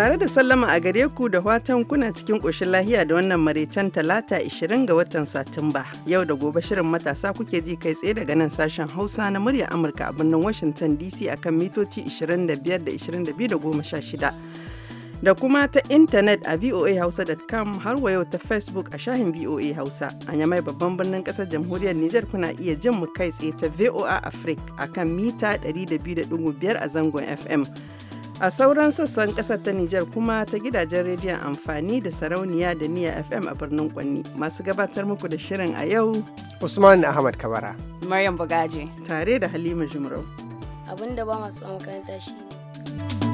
Tare da sallama a gare ku da watan kuna cikin ƙoshin lahiya da wannan maraicen talata 20 ga watan Satumba. Yau da gobe shirin matasa kuke ji kai tsaye daga nan sashen Hausa na murya Amurka a birnin Washington DC akan mitoci 25 da 22 da 16. da kuma ta intanet a voa hausa.com har wa yau ta facebook a shahin voa hausa a yamai babban birnin kasar jamhuriyar niger kuna iya jin mu kai tsaye ta voa africa akan mita 102.5 a zangon fm a sauran sassan kasar ta Nijar kuma ta gidajen rediyon amfani da sarauniya da niya FM a birnin Kwanni masu gabatar muku da shirin a yau Usman Ahmad Kabara Maryam Bugaje tare da Halima Jumrau abinda ba masu makaranta shi ne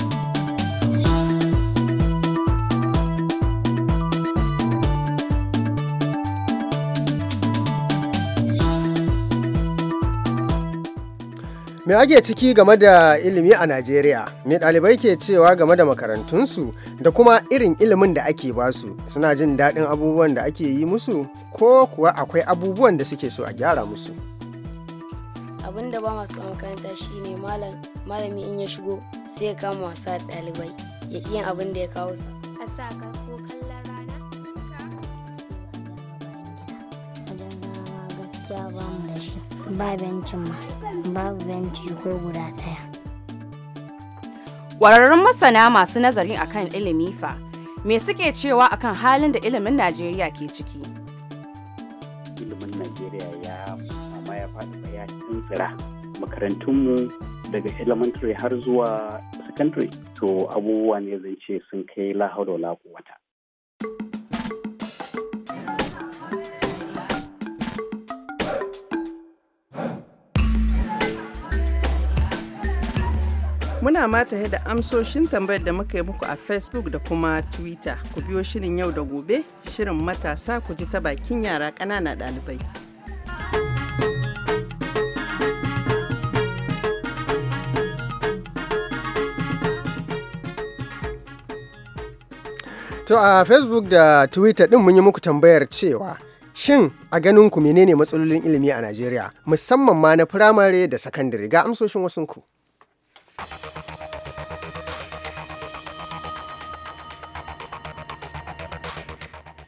Me ake ciki game da ilimi a Najeriya? Me ɗalibai ke cewa game da makarantunsu da kuma irin ilimin da ake basu? Suna jin daɗin abubuwan da ake yi musu ko kuwa akwai abubuwan da suke so a gyara musu? Abin da ba masu makaranta shi ne malami in ya shigo sai ya kama wasa ɗalibai ya iya abin da ya kawo sa. gaskiya ba mu da shi ba bencin ma ba benci ko guda ɗaya Ƙwararrun masana masu nazari akan ilimi fa me suke cewa akan halin da ilimin Najeriya ke ciki? Ilimin Najeriya ya mama ya faɗi ya tsira makarantunmu daga elementary har zuwa secondary to abubuwa ne zan ce sun kai lahaura wata. Muna mata da amsoshin tambayar da muka yi muku a Facebook da kuma Twitter. Ku biyo shirin yau da gobe, shirin matasa ku ji ta bakin yara ƙanana ɗalibai. To a Facebook da Twitter ɗin mun yi muku tambayar cewa Shin a ganin ku menene matsalolin ilimi a Najeriya musamman ma na firamare da sakandare ga amsoshin wasunku? ku? Thank you.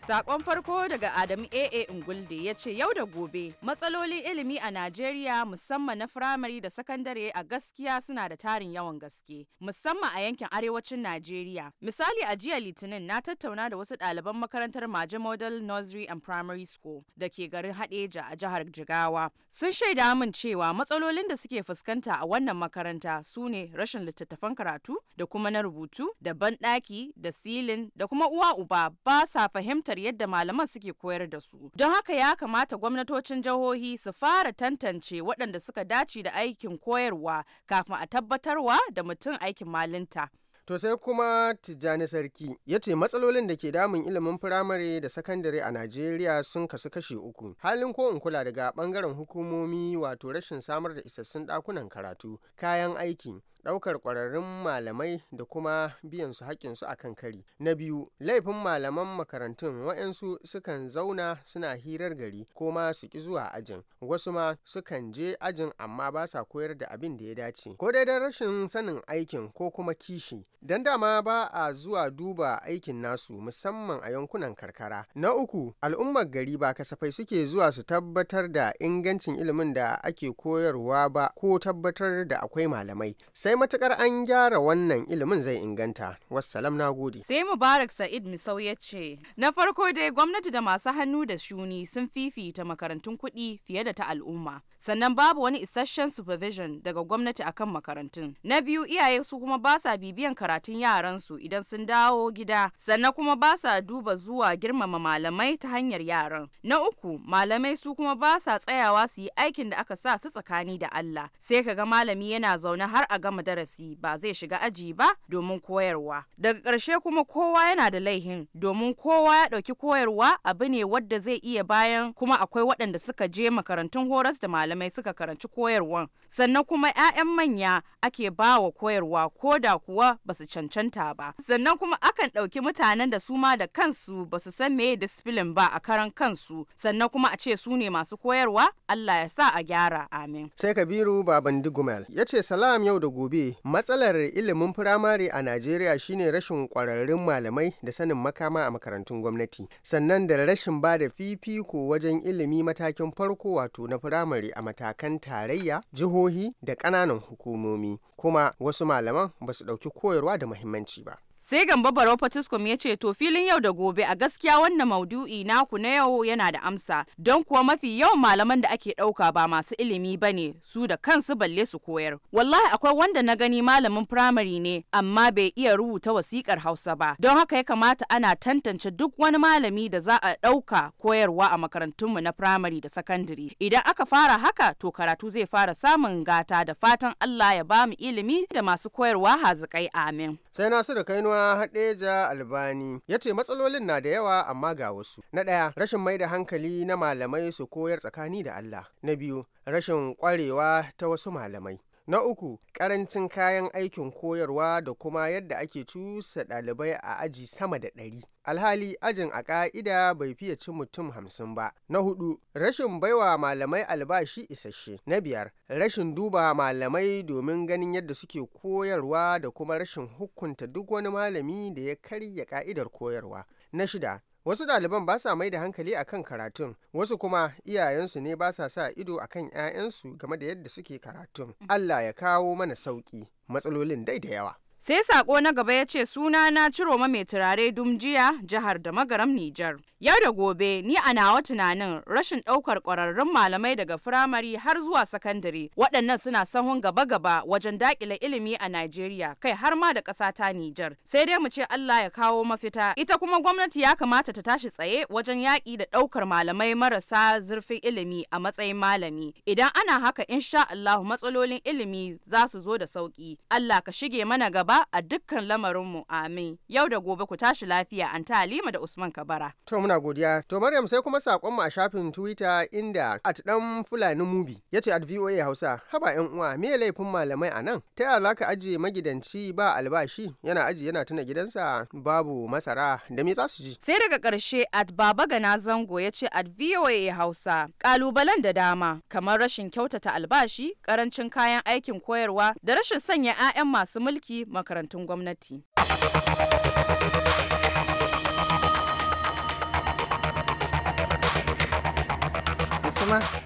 Sakon farko daga Adamu AA Ingulde ya ce yau da gobe matsalolin ilimi a Najeriya musamman na firamare da sakandare a gaskiya suna da tarin yawan gaske musamman a yankin arewacin Najeriya. Misali a jiya Litinin na tattauna da wasu ɗaliban makarantar Maje Model Nursery and Primary School da ke garin Hadeja a jihar Jigawa. Sun shaida min cewa matsalolin da suke fuskanta a wannan makaranta su ne rashin littattafan karatu da kuma na rubutu da banɗaki da silin da kuma uwa uba ba sa fahimtar kamar yadda malaman suke koyar da su. Don haka ya kamata gwamnatocin jihohi su fara tantance waɗanda suka dace da aikin koyarwa kafin a tabbatarwa da mutum aikin malinta. To sai kuma Tijjani Sarki ya ce matsalolin da ke damun ilimin firamare da sakandare a Najeriya sun kasu kashe uku. Halin ko in kula daga bangaren hukumomi wato rashin samar da isassun ɗakunan karatu, kayan aiki, ɗaukar ƙwararrun malamai da kuma biyan su hakkin su akan kari. Na biyu, laifin malaman makarantun waɗansu sukan zauna suna hirar gari ko ma su ƙi zuwa ajin, wasu ma sukan je ajin amma ba sa koyar da abin da ya dace. Ko dai don rashin sanin aikin ko kuma kishi, dan dama ba a zuwa duba aikin nasu musamman a yankunan karkara. Na uku, al'ummar gari ba kasafai suke zuwa su tabbatar da ingancin ilimin da ake koyarwa ba ko tabbatar da akwai malamai. sai matukar an gyara wannan ilimin zai inganta wassalam na gode sai mubarak sa'id misau ya ce na farko dai gwamnati da masu hannu da shuni sun fifita makarantun kuɗi fiye da ta al'umma sannan babu wani isasshen supervision daga gwamnati akan makarantun na biyu iyaye su kuma ba sa bibiyan karatun yaran su idan sun dawo gida sannan kuma ba sa duba zuwa girmama malamai ta hanyar yaran na uku malamai su kuma ba sa tsayawa su yi aikin da aka sa su tsakani da Allah sai kaga malami yana zaune har a gama mu darasi ba zai shiga aji ba domin koyarwa daga karshe kuma kowa yana da laihin domin kowa ya ɗauki koyarwa abu ne wadda zai iya bayan kuma akwai waɗanda suka je makarantun horas da malamai suka karanci koyarwan sannan kuma 'ya'yan manya ake ba wa koyarwa ko da kuwa ba su cancanta ba sannan kuma akan ɗauki mutanen da su ma da kansu ba su san meye disiplin ba a karan kansu sannan kuma a ce su ne masu koyarwa Allah ya sa a gyara amin sai kabiru baban digumel ya ce salam yau da gobe gobe matsalar ilimin firamare a najeriya shine rashin kwararrun malamai da sanin makama a makarantun gwamnati sannan da rashin ba da fifiko wajen ilimi matakin farko wato na firamare a matakan tarayya jihohi da ƙananan hukumomi kuma wasu malaman ba su ɗauki koyarwa da muhimmanci ba Sai gamba baro patiskum ya ce to filin yau da gobe a gaskiya wannan maudu'i naku na yau yana da amsa don kuwa mafi yawan malaman da ake ɗauka ba masu ilimi ba ne su da kansu balle su koyar. Wallahi akwai wanda na gani malamin firamare ne amma bai iya rubuta wasikar Hausa ba don haka ya kamata ana tantance duk wani malami da za a ɗauka koyarwa a makarantunmu na firamare da sakandare. Idan aka fara haka to karatu zai fara samun gata da fatan Allah ya ba mu ilimi da masu koyarwa hazikai amin. Sai da Kaino Inuwa Hadeja Albani ya ce matsalolin na da yawa amma ga wasu. Na ɗaya rashin mai da hankali na malamai su koyar tsakani da Allah. Na biyu rashin ƙwarewa ta wasu malamai. Na uku, ƙarancin kayan aikin koyarwa da kuma yadda ake cusa ɗalibai a aji sama da ɗari. Alhali ajin a ƙa'ida bai fiye ci mutum hamsin ba. Na hudu, rashin baiwa malamai albashi isasshe. Na biyar, rashin duba malamai domin ganin yadda suke koyarwa da kuma rashin hukunta duk wani malami da ya karya ƙa'idar koyarwa. Na shida, wasu ɗaliban ba sa mai da hankali akan karatun wasu kuma iyayensu ne ba sa sa ido kan 'ya'yansu game da yadda suke karatun mm. allah ya kawo mana sauƙi matsalolin dai da yawa sai sako na gaba ya ce suna na ciro ma mai turare dumjiya jihar da magaram nijar yau da gobe ni a nawa tunanin rashin ɗaukar ƙwararrun malamai daga firamare har zuwa sakandare waɗannan suna sahun gaba gaba wajen dakile ilimi a najeriya kai har ma da ƙasa ta nijar sai dai mu ce allah ya kawo mafita ita kuma gwamnati ya kamata ta tashi tsaye wajen yaƙi da ɗaukar malamai marasa zurfin ilimi a matsayin malami idan ana haka insha allahu matsalolin ilimi za su zo da sauƙi. allah ka shige mana gaba gaba a dukkan lamarinmu amin yau da gobe ku tashi lafiya an ta halima da usman kabara to muna godiya to maryam sai kuma saƙonmu a shafin twitter inda at dan fulani mubi yace at voa hausa haba yan uwa me laifin malamai a nan ta yaya zaka aje magidanci ba albashi yana aji yana tuna gidansa babu masara da me za su ji sai daga karshe at baba gana zango yace at voa hausa kalubalen da dama kamar rashin kyautata albashi karancin kayan aikin koyarwa da rashin sanya 'ya'yan masu mulki makarantun gwamnati.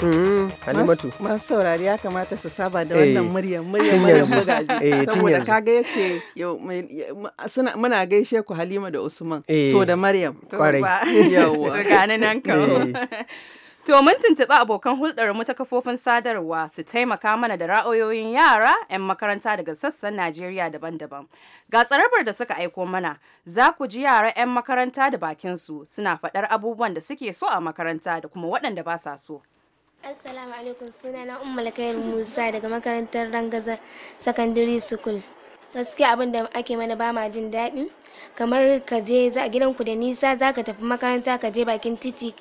Mm-hmm. Halimatu. Masu saurari ya kamata su saba da eh. wannan murya muryar muryar bugaji. Eh, Saboda kaga ya ce muna gaishe ku Halima da Usman. Eh. To da Maryam. Kwarai. Yawwa. Ga nan kawo. To mun tuntuɓi abokan hulɗarmu ta kafofin sadarwa su taimaka mana da ra'ayoyin yara 'yan makaranta daga sassan Najeriya daban-daban. Ga tsarabar da suka aiko mana, za ku ji yara 'yan makaranta da bakinsu suna faɗar abubuwan da suke so a makaranta da kuma waɗanda ba sa so. Assalamu alaikum sunana Umma Alkhair Musa daga makarantar Rangazar Secondary School. Gaskiya abin da ake mana ba ma jin daɗi kamar ka je gidanku da nisa za ka tafi makaranta ka je bakin titi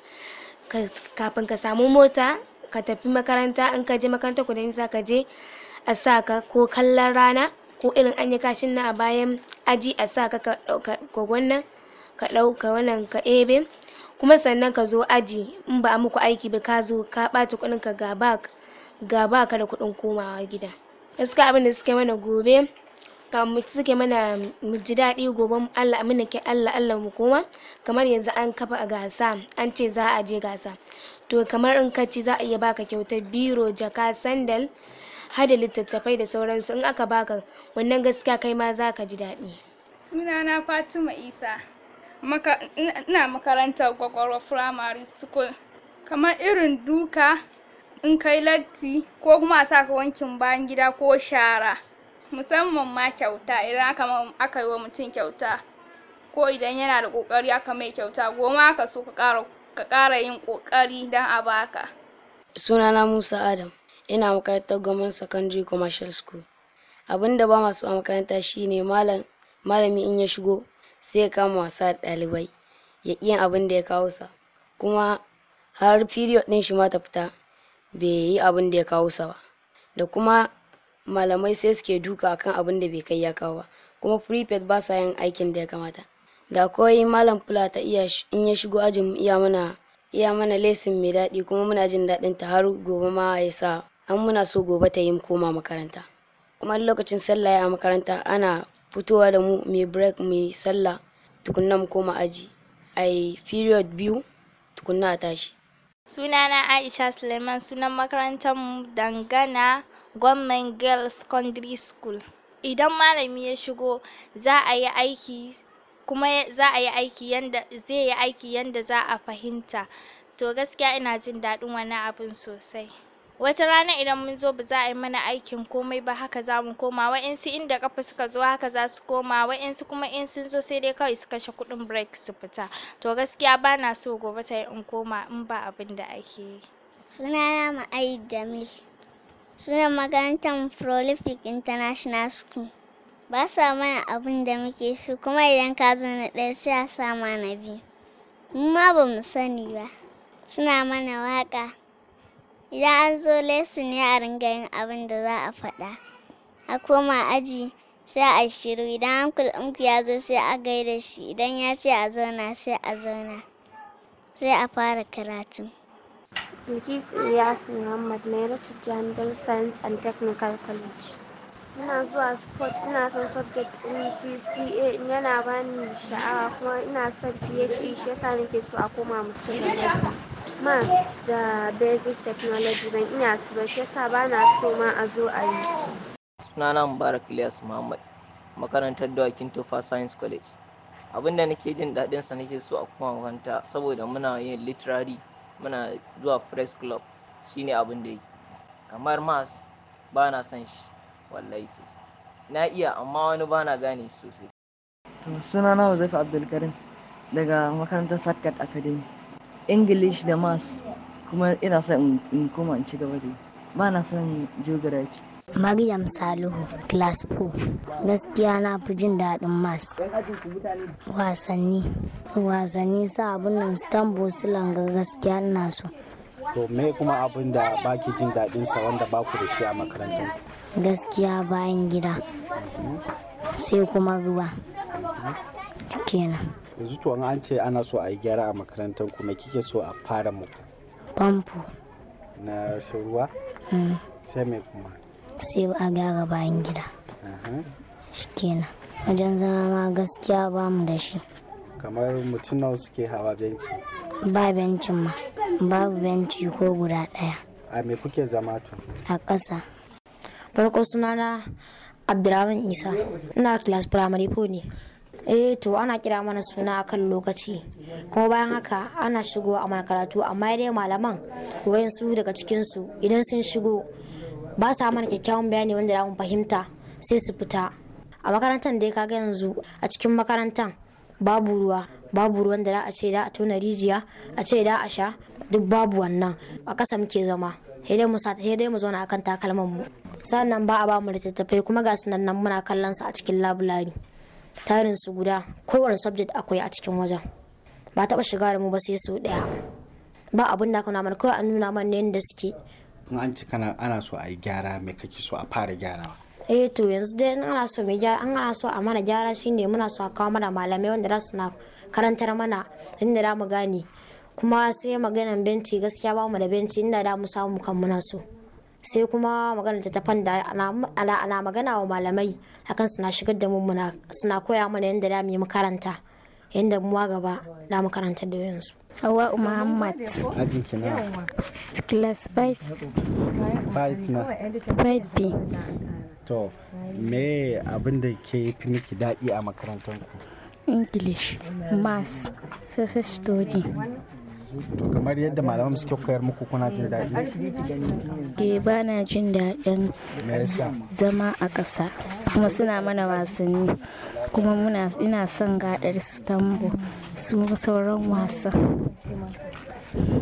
kafin ka samu mota ka tafi makaranta in ka je makaranta ku za ka je a sa ka ko kallon rana ko irin an yi kashin na a bayan aji a sa ka ka wannan ka ɗauka wannan ka ebe kuma sannan ka zo aji in ba a muku aiki ba ka zo ka ɓata kuɗin ka ga ba ka da kuɗin komawa gida gaskiya abin da suke mana gobe kamu suke mana mu ji daɗi gobe Allah amina ke Allah Allah mu koma kamar yanzu an kafa gasa an ce za a je gasa to kamar in ka ci za a iya baka kyautar biro jaka sandal hada littattafai da sauransu in aka baka wannan gaskiya kai ma za ka ji daɗi suna na fatima isa ina makarantar gwagwaro primary school kamar irin duka in kai latti ko kuma a saka wankin bayan gida ko shara musamman ma kyauta idan aka aka yi wa mutum kyauta ko idan yana da kokari aka mai kyauta goma aka so ka ƙara yin ƙoƙari don a baka sunana Musa Adam ina makarantar gwamnan Secondary Commercial School abin da ba masu a makaranta shine malam malami in ya shigo sai ya kama wasa da ɗalibai ya ƙi abin da ya kawo sa kuma har period din shi ma ta fita bai yi abin da ya kawo sa ba da kuma malamai sai suke duka kan abin da bai kai ya kawo ba kuma prefect ba sa yin aikin da ya kamata da koyi malam fula ta iya in ya shigo ajin iya mana iya mana lesin mai daɗi kuma muna jin daɗin ta har gobe ma ya sa an muna so gobe ta yi koma makaranta kuma lokacin sallah ya makaranta ana fitowa da mu mai break mai sallah tukunna mu koma aji ai period biyu tukunna a tashi sunana aisha suleiman sunan makarantar mu dangana Government Girls Secondary School. Idan malami ya shigo za a yi aiki kuma za a yi aiki yanda zai yi aiki yanda za a fahimta. To gaskiya ina jin daɗin wani abin sosai. Wata rana idan mun zo ba za a yi mana aikin komai ba haka za mu koma wa'insu inda kafa suka zo haka za su koma wa'insu kuma in sun zo sai dai kawai su kashe kuɗin break su fita. To gaskiya ba na so gobe ta yi in koma in ba abin da ake yi. Sunana Ma'aid Jamil. Suna makarantar Prolific International School. Ba sa mana abin da muke so kuma idan ka zo na ɗaya sai a sa mana biyu. Mu ma ba mu sani ba. Suna mana waƙa. Idan an zo lesson ya a ringa yin abin da za a faɗa. A koma aji sai a shiru idan ankul ɗinku ya zo sai a gaida shi idan ya ce a zauna sai a zauna. Sai a fara karatu. Bilkis Ilyas Muhammad Mai Tijjani Bell Science and Technical College. Ina zuwa sport ina son subject in CCA in yana bani sha'awa kuma ina son PHE shi yasa nake so a koma mu ci gaba. Maths da basic technology ban ina su ba shi yasa bana so ma a zo a yi su. Sunana Mubarak Ilyas Muhammad makarantar Dawakin Tofa Science College. Abinda nake jin daɗinsa nake so a koma makaranta saboda muna yin literary muna zuwa press club shine abin da yake kamar mas ba na son shi wallahi sosai na iya amma wani ba na gane sosai to suna na zafi Abdulkarim daga makarantar Satkat Academy English da mas kuma ina son in koma in ci gaba da ba na son geography Maryam Salihu class 4 gaskiya na fi jin daɗin mas wasanni wasanni sa abin nan stambo su langa gaskiya na so to me kuma abin da baki jin daɗin sa wanda ba ku da shi a makarantar gaskiya bayan gida sai kuma ruwa kenan yanzu to an ce ana so a yi gyara a makarantar kuma kike so a fara muku famfo na ruwa mm. sai mai kuma sai a gyara bayan gida kenan wajen zama ma gaskiya ba mu da shi kamar mutum nawa suke hawa benci ba bencin ma babu benci ko guda ɗaya a me kuke zama tun. a ƙasa farko sunana abdurrahman isa ina class primary 4 ne eh to ana kira mana suna kan lokaci kuma bayan haka ana shigo a makaratu amma amma dai malaman wayan su daga cikinsu idan sun shigo ba sa mana kyakkyawan bayani wanda za mu fahimta sai su fita a makarantar da ya kaga yanzu a cikin makarantar babu ruwa babu ruwan da za a ce da a tona rijiya a ce da a sha duk babu wannan a ƙasa muke zama sai dai mu sai dai mu zauna akan takalman mu sannan ba a ba mu littattafai kuma ga sunan nan muna kallon su a cikin labulari tarin su guda kowane subject akwai a cikin wajen ba taba shiga da mu ba sai su ɗaya ba abin da kuna mana kawai an nuna mana yadda suke in an ci kana ana so a yi gyara mai kake so a fara gyarawa eh to yanzu dai in ana so mai gyara an ana so a mana gyara shine muna so a kawo mana malamai wanda za su na karantar mana inda da mu gane kuma sai maganan benci gaskiya ba mu da benci inda da mu samu kan muna so sai kuma magana tafan da ana magana wa malamai akan suna shigar da mu suna koya mana yadda da mu yi makaranta yadda damuwa gaba da makarantar da yansu. hawa Muhammad. Ajin kina. Class 5. 5 na. Pride B. To, me abin da ke fi miki daɗi a makarantar ku? English, Maths, Social Study. To kamar yadda malaman suke koyar muku kuna jin daɗi? Ke eh, ba na jin daɗin zama a ƙasa kuma suna mana wasanni. kuma muna ina son gadar istanbul su sauran wasa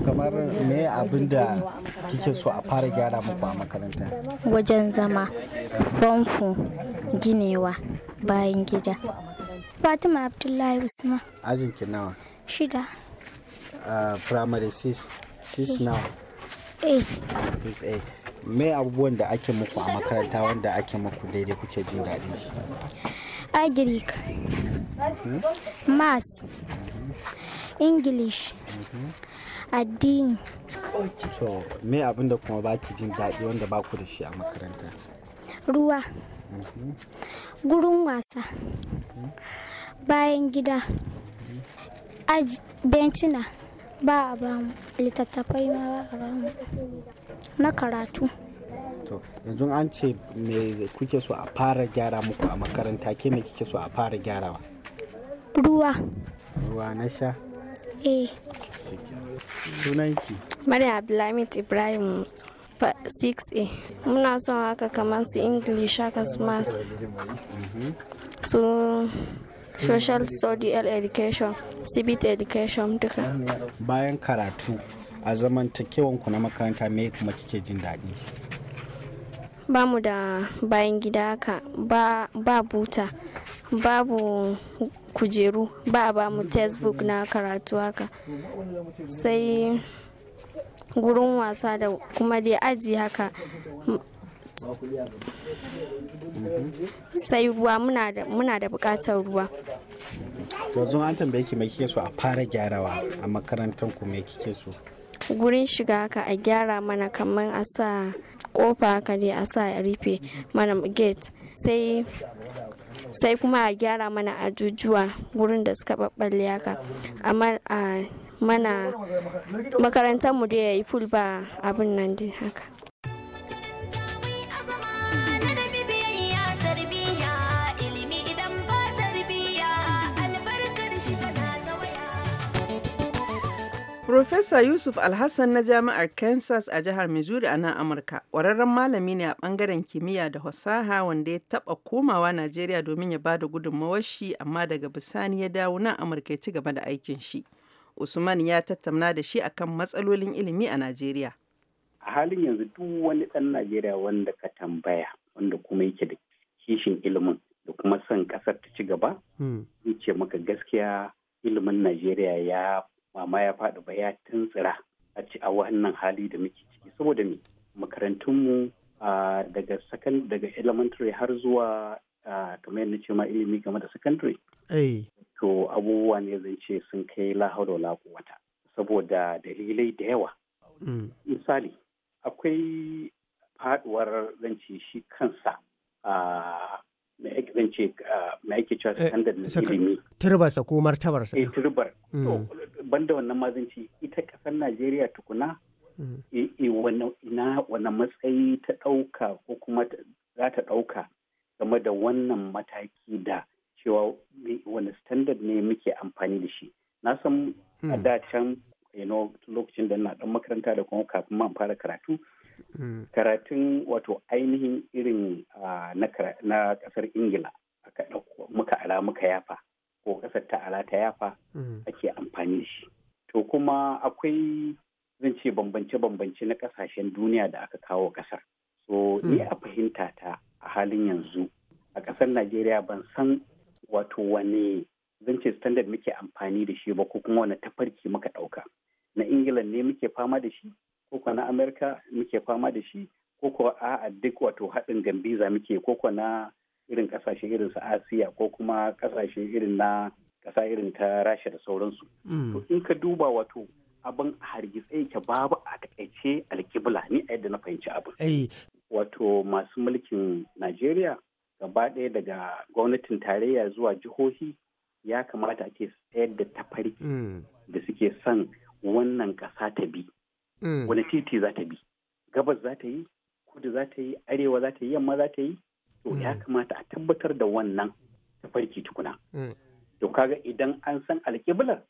kamar me abin da kike so a fara gyara muku a makaranta wajen zama famfo ginewa bayan gida fatima abdullahi usman ajin nawa shida a firamare 6 nawa 8 abubuwan da ake muku a makaranta wanda ake muku daidai kuke jin daɗi Agric, Mass, English, addini. To, me abin da kuma baki jin daɗi wanda ba ku da shi a makaranta? Ruwa, gurin wasa, bayan gida, bencina ba a bamu, littattafai ma ba a na karatu. to yanzu an ce me kuke so a fara gyara muku a makaranta ke me kike so a fara gyarawa ruwa ruwa na sha eh sunanki Maria Abdulhamid Ibrahim 6A muna son haka kamar su English haka su math su social study education civic education duka bayan karatu a zaman takewanku na makaranta me kuma kike jin daɗi ba mu da bayan gida haka ba, ba buta babu kujeru ba a ba mu textbook na karatu haka sai gurin wasa da kuma dai aji haka sai ruwa muna da bukatar ruwa yanzu an tambaye ki mai kike so a fara gyarawa a makarantar ku mai kike so gurin shiga haka a gyara mana kamar a sa kofa haka dai a sa a rufe mana gate sai kuma a gyara mana ajujuwa wurin da suka babballe haka amma a mana makarantar mu dai ya yi ful ba abin nan dai haka Profesa Yusuf Alhassan na Jami'ar Kansas a jihar Missouri a nan Amurka, ƙwararren malami ne a ɓangaren kimiyya da fasaha wanda ya taɓa komawa Najeriya domin ya bada gudunmawar shi amma daga bisani ya dawo nan Amurka ya ci gaba da aikin shi. Usman ya tattauna da shi akan matsalolin ilimi a Najeriya. A halin yanzu duk wani ɗan Najeriya wanda ka tambaya wanda kuma yake da kishin ilimin da kuma son ƙasar ta ci gaba, hmm. ce maka gaskiya ilimin Najeriya ya Mama ya faɗi ba ya tunsira a ci a wannan hali da muke ciki saboda me makarantunmu daga second daga elementary har zuwa kamar yadda ce ma ilimi game da secondary eh. to abubuwa ne zan ce sun kai lahaura la saboda dalilai da yawa mm. misali akwai faduwar zance shi kansa mai ake cewa eh, standard na ilimi sa ko martabar sa. Eh, turbar mm. banda wannan mazanci ita ƙasar najeriya tukuna hmm. ina matsayi ta ɗauka ko kuma za ta ɗauka game da wannan mataki da cewa wani standard ne muke amfani da shi na san a hmm. da can lokacin da na dan makaranta da kuma kafin man fara karatu hmm. karatun wato ainihin irin ah, na kasar ingila muka ara muka yafa ko kasar ta ala ta yafa mm. ake amfani da shi to kuma akwai zan ce bambance-bambance na kasashen duniya da aka kawo ƙasar so ni mm. a fahimta ta a halin yanzu a ƙasar najeriya ban san wato wani zan ce standard muke amfani da shi ba ko kuma wani tafarki muka ɗauka na ingila ne muke fama da shi ko kuwa na amurka muke fama da shi ko kuwa a duk wato haɗin gambiza muke ko kuwa na irin kasashe irin su asiya ko kuma kasashe irin na kasa irin ta rasha da sauransu mm. to in ka duba wato abin hargitsa yake babu a takaice alkibla ni a yadda na fahimci abin eh. wato masu mulkin najeriya gaba ɗaya daga gwamnatin tarayya zuwa jihohi ya kamata ake tsayar da tafarki mm. da suke son wannan ƙasa ta bi mm. wani titi za ta bi gabas za ta yi kudu za ta yi arewa za ta yi yamma za ta yi to ya hmm. kamata a tabbatar da wannan tafarki tukuna hmm. to kaga idan an san alƙiblar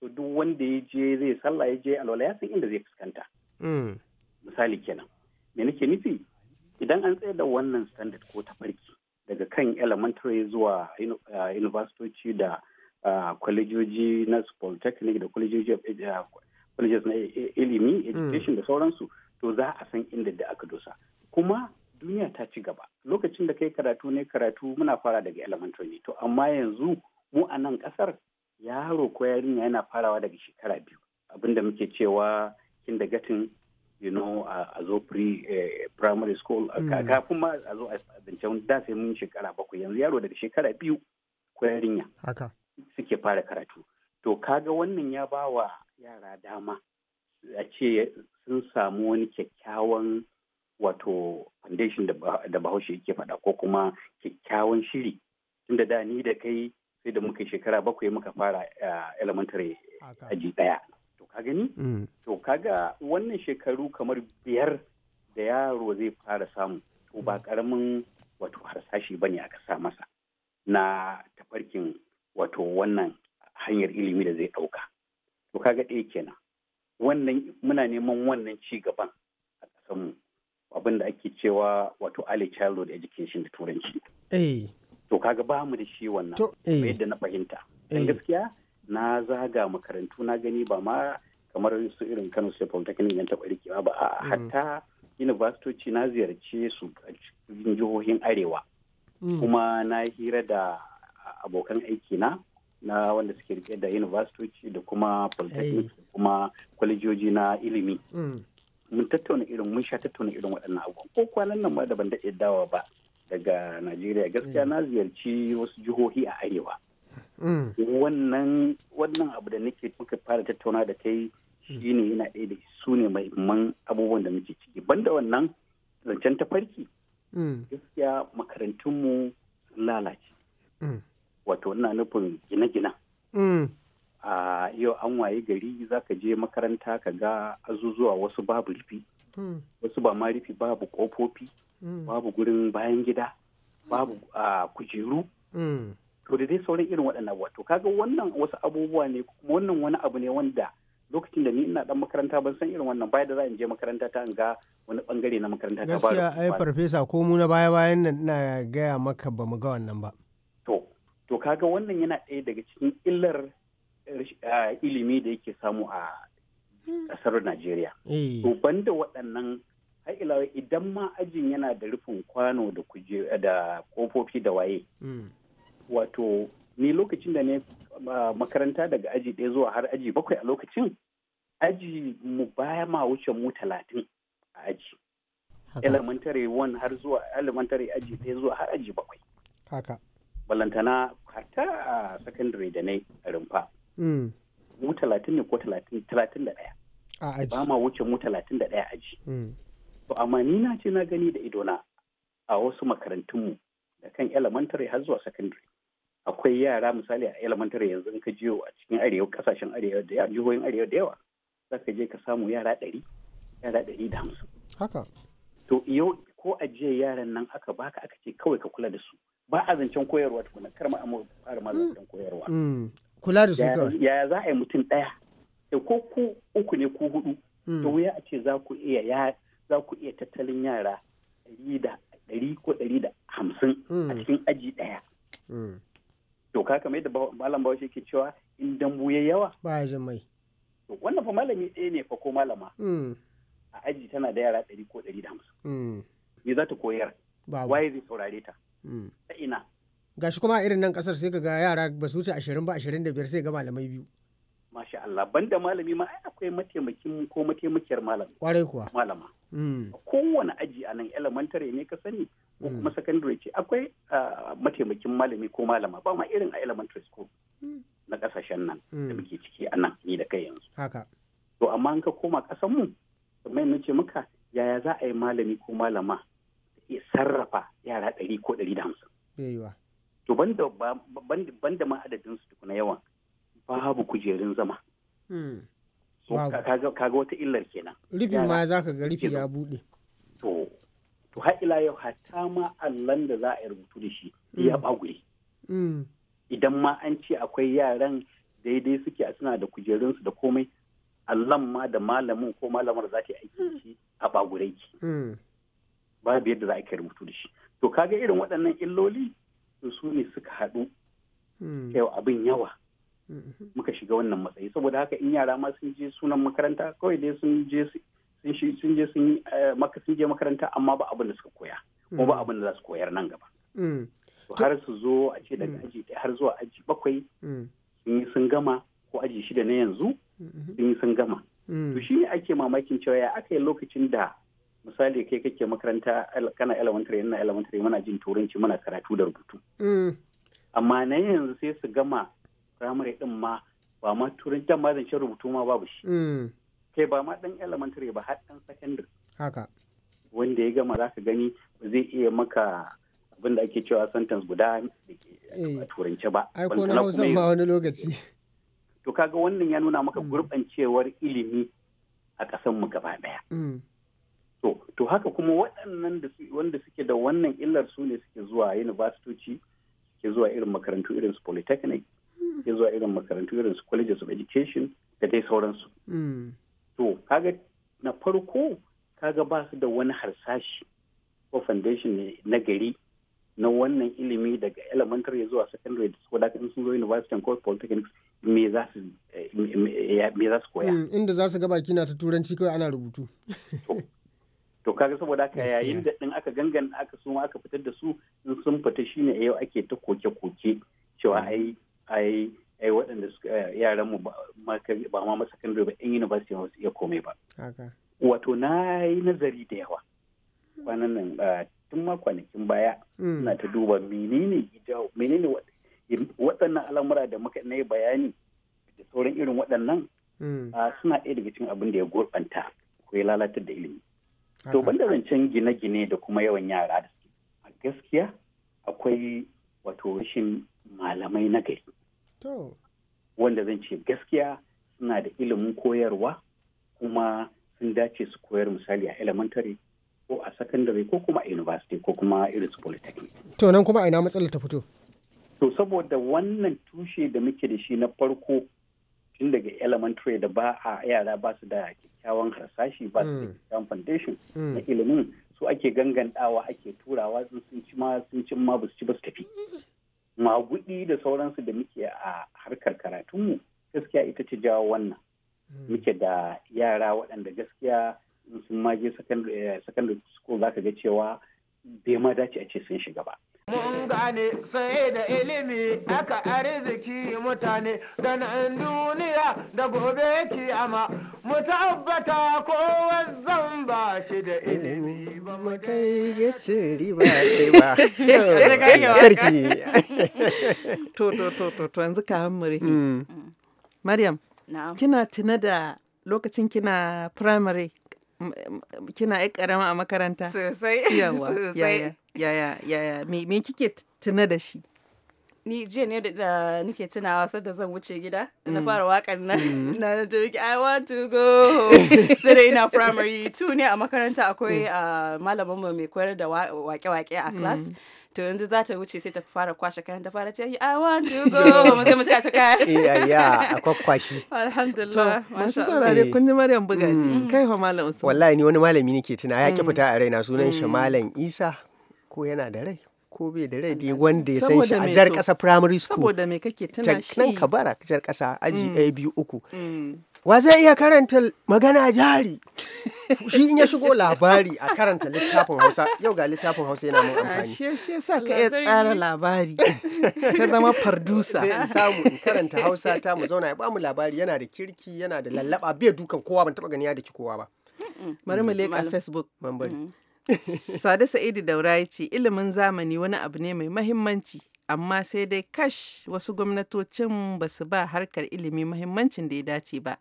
to duk wanda ya je zai sallah ya je alwala ya san inda zai fuskanta hmm. misali kenan me nake nufi idan an tsaye da wannan standard ko tafarki daga kan elementary zuwa uh, university da kwalejoji uh, na polytechnic da kwalejoji of uh, na ilimi education da sauransu to za a san inda da aka dosa kuma duniya ta ci gaba lokacin da kai karatu ne karatu muna fara daga elementary ne to amma yanzu mu a nan kasar yaro ko yarinya yana farawa daga shekara biyu abinda muke cewa kin da gatin you know a zo pre eh, primary school hmm. kafin ma a zo a zancen da sai mun shekara bakwai yanzu yaro daga shekara biyu ko yarinya suke fara karatu to kaga wannan ya bawa yara dama a ce sun samu wani kyakkyawan wato foundation da bahaushe yake faɗa ko kuma kyakkyawan shiri tunda da ni da kai sai da muka shekara bakwai muka fara eh, elementary aji ɗaya to ka gani mm. to kaga wannan shekaru kamar biyar da yaro zai fara samu to ba karamin mm. wato harsashi bane aka sa masa na tafarkin wato wannan hanyar ilimi da zai ɗauka to kaga ɗaya kenan wannan muna neman wannan ci gaban a ƙasarmu abin da ake cewa wato early childhood education da turanci eh. to kaga ba mu da shi wannan eh. yadda na fahimta Yan eh. gaskiya na zaga makarantu na gani ba ma kamar su irin Kano State Polytechnic yan taɓa rikewa ba a mm. hatta university na ziyarce su a cikin jihohin arewa mm. kuma na hira da abokan aiki na na wanda suke rike da university da kuma polytechnic da kuma kwalejoji na ilimi mm. mun tattauna irin mun sha tattauna irin waɗannan abubuwan ko kwanan nan ma da ban daɗe dawa ba daga najeriya gaskiya mm. na ziyarci wasu jihohi a arewa mm. wannan wannan abu da nake muka fara tattauna da kai shine yana ɗaya da su ne mahimman abubuwan da muke ciki banda wannan zancen tafarki mm. gaskiya makarantunmu lalace wato ina nufin gine gine. a yau an waye gari za ka je makaranta ka ga azuzuwa wasu babu rufi hmm. wasu ba ma rufi babu kofofi hmm. babu gurin bayan gida babu kujeru hmm. to da dai sauran irin waɗannan wato kaga wannan wasu abubuwa ne wannan wani abu ne wanda lokacin da ni ina dan makaranta ban san irin wannan baya da za in je makaranta ta in ga wani bangare na makaranta ta ba gaskiya ai farfesa ko mu na baya bayan nan ina gaya maka ba mu ga wannan ba to to kaga wannan yana ɗaya daga cikin illar ilimi da yake samu a ƙasar Najeriya. Eh. To banda waɗannan ilawa idan ma ajin yana da rufin kwano da kuje da kofofi da waye. Hmm. Wato ni lokacin da ne makaranta daga aji ɗaya zuwa har aji bakwai a lokacin aji mu baya ma wuce mu talatin a aji. Elementary one har zuwa elementary aji ɗaya zuwa har aji bakwai. Haka. Balantana ta a secondary da na rumfa. Mm. mu talatin ne ko talatin da ɗaya a ba ma wuce mu talatin da ɗaya aji mm. to amma ni na ce na gani da idona a wasu makarantunmu da kan elementary har zuwa secondary akwai yara misali a elementary yanzu ka jiyo a cikin arewa kasashen arewa da jihohin arewa da yawa za ka je ka samu yara ɗari yara ɗari da hamsin haka to yau ko jiya yaran nan aka baka aka ce kawai ka kula da su ba a zancen koyarwa tukuna kar ma fara ma zancen mm. koyarwa kula da su kawai yaya za a yi mutum ɗaya da ko ku uku ne ko hudu hmm. to wuya a ce za ku iya ya za ku iya tattalin yara ɗari da ɗari ko ɗari da hamsin a hmm. cikin aji ɗaya hmm. to ka kamar yadda malam bawa ke cewa in dambu ya yawa ba ya jin mai wannan fa malami ɗaya ne fa ko malama a aji tana da yara ɗari ko ɗari da hamsin me za ta koyar waye zai saurare ta ta ina gashi kuma a irin nan kasar sai ka ga yara ba su wuce ashirin ba ashirin da biyar sai ga malamai biyu masha Allah banda malami ma ai akwai mataimakin ko mataimakiyar malam kwarai kuwa malama hmm. kowane aji a nan elementary ne ka sani ko hmm. kuma secondary ce akwai ah, mataimakin malami ko malama ba ma irin a elementary school hmm. na kasashen nan da muke ciki a nan ni da kai yanzu haka to amma an ka koma kasan mu kamar na ce muka yaya za a yi malami ko malama ya sarrafa yara ɗari ko ɗari da hamsin to ban da ma'adadin su tukuna yawan babu kujerun zama hmm. so kaga wata illar kenan rufin ma zaka ga rufi ya bude to to har ila yau hata ma allan da za a rubutu da shi ya bagure hmm. hmm. idan ma an ce akwai yaran daidai suke a suna da kujerunsu da komai allan ma da malamin ko malamar za ta yi aiki shi a bagure ki babu yadda za a kai rubutu da shi to kaga irin waɗannan illoli su ne suka haɗu hmm. yau abin yawa hmm. muka shiga wannan matsayi saboda haka in yara ma sun je sunan makaranta kawai dai sun je sun je sun eh, sun je makaranta amma ba abin da suka koya ko ba hmm. abin da za su koyar nan gaba har su zo a ce daga aji ɗaya har zuwa aji bakwai sun yi sun gama ko aji shida na yanzu sun yi sun gama to shi ne ake mamakin cewa ya aka yi lokacin da misali kai kake makaranta kana elementary ina elementary muna jin turanci muna karatu da rubutu mm. amma na yanzu sai su gama primary din ma ba ma turanci ma shan rubutu ma babu shi mm. kai ba ma dan elementary ba har dan secondary haka wanda ya gama zaka gani zai iya maka abin da ake cewa sentence guda a eh. turance ba ai ko na Hausa ma wani lokaci to kaga wannan ya nuna maka mm. gurbancewar ilimi a kasanmu gaba daya to to haka kuma waɗannan wanda suke da wannan illar su ne suke zuwa university suke zuwa irin makarantu irin su polytechnic suke zuwa irin makarantu irin su colleges of education da dai sauransu hmm. to kaga na farko kaga ba su da wani harsashi ko foundation ne na gari na wannan ilimi daga elementary zuwa secondary da suka in sun zo university and course polytechnics eh, me za su koya hmm, inda za su ga na ta turanci kawai ana rubutu to kaga saboda haka yayin da din aka gangan aka su aka fitar da su in sun fita shine yau ake ta koke-koke cewa mm. ai ai ai waɗanda yaran mu ba ma kan ba in university ba su iya komai ba wato na yi nazari da yawa mm. kwanan nan tun ma kwanakin baya mm. na ta duba menene menene waɗannan al'amura da muka na yi bayani da sauran irin waɗannan suna ɗaya daga cikin abin da ya gurɓanta ko ya lalatar da ilimi To banda zancen gine-gine da kuma yawan yara da su. A gaskiya akwai wato rashin malamai na gari. Wanda zan ce gaskiya suna da ilimin koyarwa kuma sun dace su koyar misali a elementary ko a secondary ko kuma a university ko kuma irin su polytechnic. To nan kuma a ina matsalar ta fito? To saboda wannan tushe da muke da shi na farko tun daga elementary da ba a yara ba su da kyakkyawan harsashi ba su da mm. foundation mm. na ilimin su ake gangantawa ake turawa sun ci ma sun ci ma ba su ci ba su tafi magudi da sauransu da muke a harkar karatunmu gaskiya ita ce jawo wannan mm. muke da yara waɗanda gaskiya sun ma je secondary eh, school zaka ga cewa bai ma dace a ce sun shiga ba Mun gane sai da ilimi aka arziki mutane da nan duniya da gobe kiyama mu tabbata ko zan ba shi da ilimi ba mu kai ya ce riba ce ba sarki to to to to to yanzu ka hammuri mm. Maryam kina tuna da lokacin kina primary kina ai karama a makaranta sosai yawa yaya yaya me me kike tuna da shi ni jiya ne da nake tunawa sai da zan wuce gida na mm. fara wakan nan mm. na jirgi i want to go sai da ina primary 2 ne a makaranta akwai mm. ah, malamin mu mai koyar da wake-wake a class to yanzu za ta wuce sai ta fara kwashe kayan ta fara ce I want to go mu sai mu ta kaya iya eh, iya a kwashi alhamdulillah masha Allah dai kun ji Maryam bugaji kai fa malam Usman wallahi ni wani malami nake tuna ya ki fita a raina sunan shi malam Isa ko yana da rai ko bai da rai dai wanda ya san shi a jar kasa primary school saboda me kake tuna shi nan ka bara jar kasa aji mm. ɗaya biyu uku mm. wa zai iya karanta magana jari shi in ya shigo labari a karanta littafin hausa yau ga littafin hausa yana mun ah, amfani shi shi sa ka iya tsara labari ka zama fardusa sai in samu in karanta hausa ta mu zauna ya ba mu labari yana da kirki yana da lallaba bai dukan kowa ban taba gani ya ki kowa ba bari mu mm. leka facebook Sade Sa'idu Daura ya ce ilimin zamani wani abu ne mai mahimmanci amma sai dai kash wasu gwamnatocin ba su ba harkar ilimi mahimmancin da ya dace ba.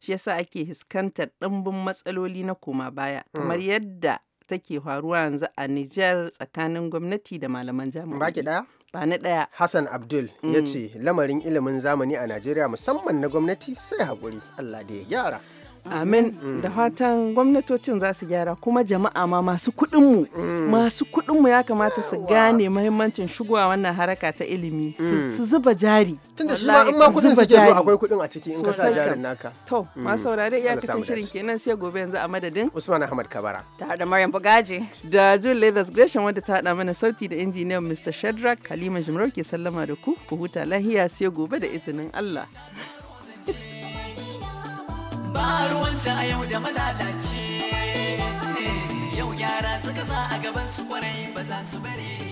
Shi yasa ake hiskantar ɗimbin matsaloli na koma baya hmm. kamar yadda take faruwa yanzu a Nijar tsakanin gwamnati da malaman jami'o'i. ɗaya? ba na ɗaya. Hassan Abdul ya hmm. ce lamarin ilimin zamani a Najeriya musamman na gwamnati sai haƙuri Allah da ya gyara. Amin. Da fatan gwamnatocin za su gyara kuma jama'a ma masu kuɗinmu. Mm. Masu kuɗinmu ya kamata su gane mahimmancin shigowa wannan haraka ta ilimi. Su mm. zuba jari. Tunda shi ma in ma kuɗin suke zo akwai kuɗin a ciki in ka sa jarin naka. To, mm. ma saurare iyakacin shirin kenan sai gobe yanzu a madadin. Usman Ahmad Kabara. Tare da Maryam Bugaji. Da Jun Leathers Gresham wanda ta haɗa mana sauti da injiniyan Mr. Shadrack Halima Jimarau ke sallama da ku. Ku huta lahiya sai gobe da izinin Allah. ba ruwanta a yau da malalace eh, yau gyara suka sa a gaban su kwarai ba za su bari.